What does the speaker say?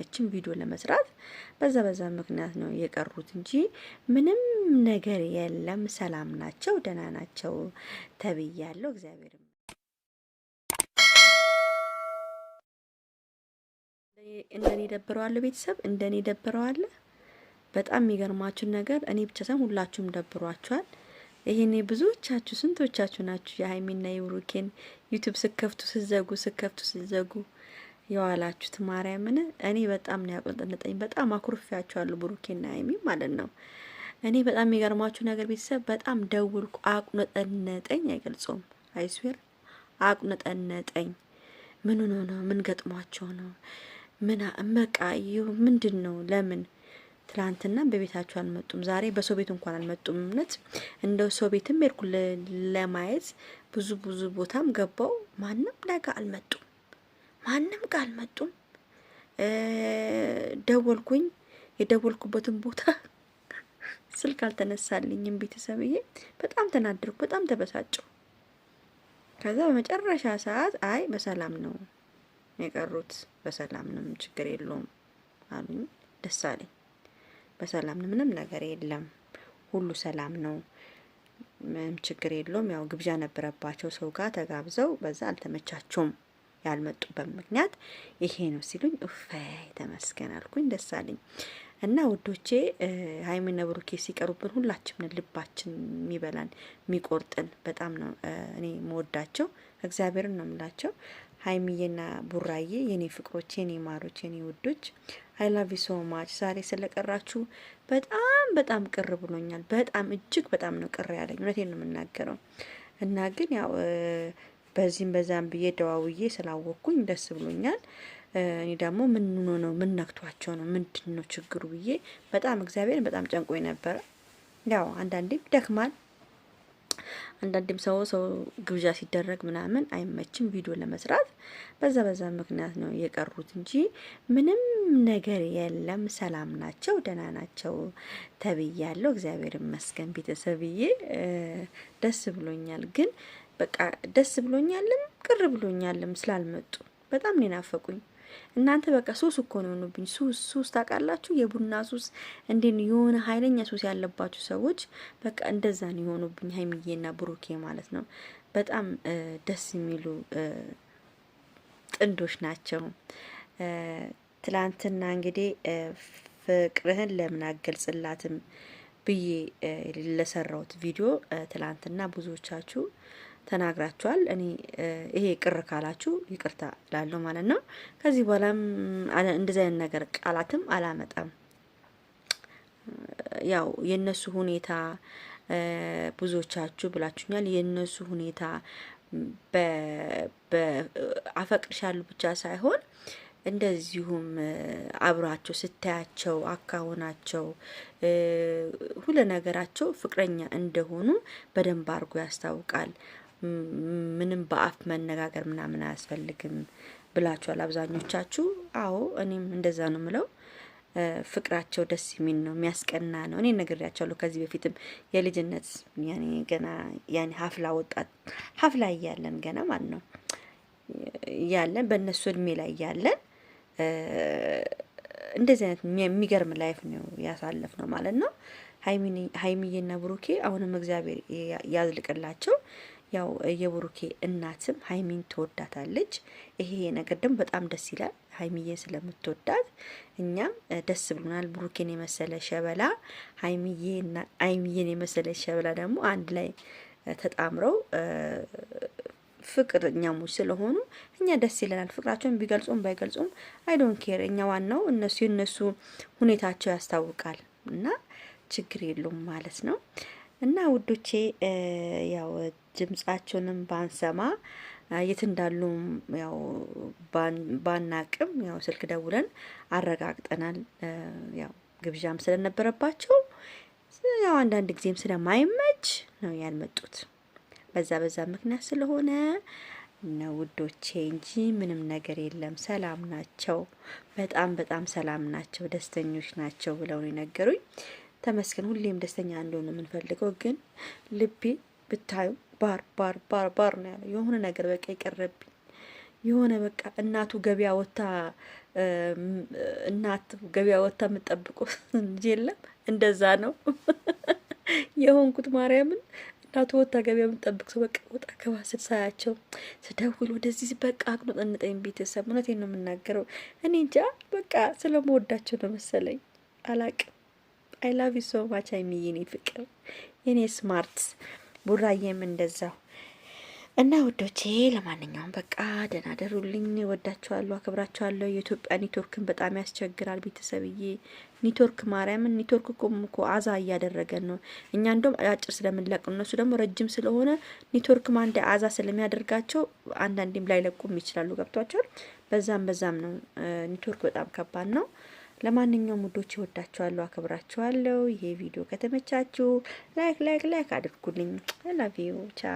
አይመችም ቪዲዮ ለመስራት። በዛ በዛ ምክንያት ነው የቀሩት እንጂ ምንም ነገር የለም። ሰላም ናቸው፣ ደህና ናቸው ተብያለሁ። እግዚአብሔር እንደኔ ደብረዋለ፣ ቤተሰብ እንደኔ ደብረዋለ። በጣም የሚገርማችሁን ነገር እኔ ብቻ ሳይሆን ሁላችሁም ደብሯችኋል። ይሄኔ ብዙዎቻችሁ ስንቶቻችሁ ናችሁ የሀይሚና የብሩኬን ዩቱብ ስከፍቱ ስዘጉ ስከፍቱ ስዘጉ የዋላችሁት ማርያምን እኔ በጣም ነው ያቆጠነጠኝ። በጣም አኩርፊያቸዋለሁ ብሩኬና ሀይሚ ማለት ነው። እኔ በጣም የሚገርማችሁ ነገር ቤተሰብ በጣም ደውልኩ፣ አቁነጠነጠኝ። አይገልጾም አይስዌር አቁነጠነጠኝ። ምን ሆኖ ነው? ምን ገጥሟቸው ነው? ምን በቃ ምንድን ነው? ለምን ትላንትና በቤታቸው አልመጡም? ዛሬ በሰው ቤት እንኳን አልመጡም። እምነት እንደ ሰው ቤትም ሄድኩ ለማየት ብዙ ብዙ ቦታም ገባው፣ ማንም ነገር አልመጡ ማንም ቃል መጡም። ደወልኩኝ። የደወልኩበትን ቦታ ስልክ አልተነሳልኝም። ቤተሰብዬ በጣም ተናደርኩ፣ በጣም ተበሳጨው። ከዛ በመጨረሻ ሰዓት አይ በሰላም ነው የቀሩት፣ በሰላም ነው፣ ችግር የለውም አሉኝ። ደስ አለኝ። በሰላም ነው፣ ምንም ነገር የለም፣ ሁሉ ሰላም ነው፣ ምንም ችግር የለውም። ያው ግብዣ ነበረባቸው ሰው ጋር ተጋብዘው፣ በዛ አልተመቻቸውም። ያልመጡበት ምክንያት ይሄ ነው ሲሉኝ ኡፍ ተመስገን አልኩኝ። ደስ አለኝ። እና ውዶቼ ሀይሚና ብሩኬ ሲቀሩብን ሁላችንም ልባችን የሚበላን የሚቆርጥን በጣም ነው እኔ መወዳቸው እግዚአብሔርን ነው ምላቸው። ሀይሚዬና ቡራዬ የኔ ፍቅሮች፣ የኔ ማሮች፣ የኔ ውዶች አይ ላቭ ዩ ሶ ማች። ዛሬ ስለቀራችሁ በጣም በጣም ቅር ብሎኛል። በጣም እጅግ በጣም ነው ቅር ያለኝ። እውነቴን ነው የምናገረው እና ግን ያው በዚህም በዛም ብዬ ደዋውዬ ስላወቅኩኝ ደስ ብሎኛል። እኔ ደግሞ ምን ሆኖ ነው? ምን ነክቷቸው ነው? ምንድን ነው ችግሩ ብዬ በጣም እግዚአብሔርን በጣም ጨንቆኝ ነበረ። ያው አንዳንዴም ደክማል አንዳንድም ሰው ሰው ግብዣ ሲደረግ ምናምን አይመችም ቪዲዮ ለመስራት። በዛ በዛ ምክንያት ነው የቀሩት እንጂ ምንም ነገር የለም። ሰላም ናቸው፣ ደህና ናቸው ተብያለሁ። እግዚአብሔር ይመስገን ቤተሰብዬ፣ ደስ ብሎኛል። ግን በቃ ደስ ብሎኛልም ቅር ብሎኛልም ስላልመጡ በጣም ነው ናፈቁኝ። እናንተ በቃ ሱስ እኮ ነው የሆኑብኝ። ሱስ ሱስ ታውቃላችሁ፣ የቡና ሱስ እንዴ፣ የሆነ ኃይለኛ ሱስ ያለባችሁ ሰዎች በቃ እንደዛ ነው የሆኑብኝ፣ ሀይሚዬና ብሩኬ ማለት ነው። በጣም ደስ የሚሉ ጥንዶች ናቸው። ትላንትና እንግዲህ ፍቅርህን ለምን አገልጽላትም ብዬ ለሰራሁት ቪዲዮ ትላንትና ብዙዎቻችሁ ተናግራችኋል። እኔ ይሄ ቅር ካላችሁ ይቅርታ ላለሁ ማለት ነው። ከዚህ በኋላም እንደዚህ አይነት ነገር ቃላትም አላመጣም። ያው የእነሱ ሁኔታ ብዙዎቻችሁ ብላችሁኛል። የእነሱ ሁኔታ አፈቅርሻለሁ ብቻ ሳይሆን እንደዚሁም አብሯቸው ስታያቸው አካሆናቸው ሁለ ነገራቸው ፍቅረኛ እንደሆኑ በደንብ አድርጎ ያስታውቃል። ምንም በአፍ መነጋገር ምናምን አያስፈልግም ብላችኋል አብዛኞቻችሁ። አዎ እኔም እንደዛ ነው ምለው። ፍቅራቸው ደስ የሚል ነው፣ የሚያስቀና ነው። እኔ ነግሬያቸዋለሁ ከዚህ በፊትም የልጅነት ያኔ ገና ያኔ ሀፍላ ወጣት ሀፍላ እያለን ገና ማለት ነው እያለን በእነሱ እድሜ ላይ እያለን እንደዚህ አይነት የሚገርም ላይፍ ነው ያሳለፍ ነው ማለት ነው። ሀይሚዬና ብሩኬ አሁንም እግዚአብሔር ያዝልቅላቸው። ያው የብሩኬ እናትም ሀይሚን ትወዳታለች። ይሄ ነገር ደግሞ በጣም ደስ ይላል። ሀይሚዬ ስለምትወዳት እኛም ደስ ብሎናል። ብሩኬን የመሰለ ሸበላ ሀይሚዬና ሀይሚዬን የመሰለ ሸበላ ደግሞ አንድ ላይ ተጣምረው ፍቅረኛሞች ስለሆኑ እኛ ደስ ይለናል። ፍቅራቸውን ቢገልጹም ባይገልጹም አይዶን ኬር እኛ ዋናው እነሱ የእነሱ ሁኔታቸው ያስታውቃል እና ችግር የለውም ማለት ነው እና ውዶቼ ያው ድምጻቸውንም ባንሰማ የት እንዳሉ ያው ባናቅም ያው ስልክ ደውለን አረጋግጠናል። ያው ግብዣም ስለነበረባቸው ያው አንዳንድ ጊዜም ስለማይመች ነው ያልመጡት። በዛ በዛ ምክንያት ስለሆነ ነው ውዶቼ እንጂ ምንም ነገር የለም። ሰላም ናቸው፣ በጣም በጣም ሰላም ናቸው፣ ደስተኞች ናቸው ብለው ነው የነገሩኝ። ተመስገን። ሁሌም ደስተኛ እንደሆነ የምንፈልገው ግን ልቤ ብታዩ ባር ባር ባር ባር ነው ያለው። የሆነ ነገር በቃ ይቀረብኝ የሆነ በቃ እናቱ ገበያ ወታ እናት ገበያ ወታ የምጠብቆ ልጅ የለም። እንደዛ ነው የሆንኩት ማርያምን እናቱ ወታ ገበያ የምጠብቅ ሰው በቃ ወጣ ገባ ስሳያቸው ስደውል ወደዚህ በቃ አቅኖጠንጠኝ ቤተሰብ እውነቴን ነው የምናገረው። እኔ እንጃ በቃ ስለመወዳቸው ነው መሰለኝ አላቅም። አይ ላቭ ዩ ሶ ማች አይሚ የኔ ፍቅር የኔ ስማርት ቡራዬም እንደዛው እና ውዶቼ ለማንኛውም በቃ ደህና ደሩልኝ። ወዳችኋለሁ፣ አክብራችኋለሁ። የኢትዮጵያ ኔትወርክን በጣም ያስቸግራል ቤተሰብዬ። ኔትወርክ ማርያምን ኔትወርክ እኮ አዛ እያደረገን ነው። እኛ እንደም አጭር ስለምንለቅ እነሱ ደግሞ ረጅም ስለሆነ ኔትወርክ ማንዴ አዛ ስለሚያደርጋቸው አንዳንዴም ላይለቁም ይችላሉ። ገብቷቸዋል። በዛም በዛም ነው ኔትወርክ በጣም ከባድ ነው። ለማንኛውም ውዶች እወዳችኋለሁ፣ አክብራችኋለሁ። ይሄ ቪዲዮ ከተመቻችሁ ላይክ ላይክ ላይክ አድርጉልኝ። ላቪዩ ቻ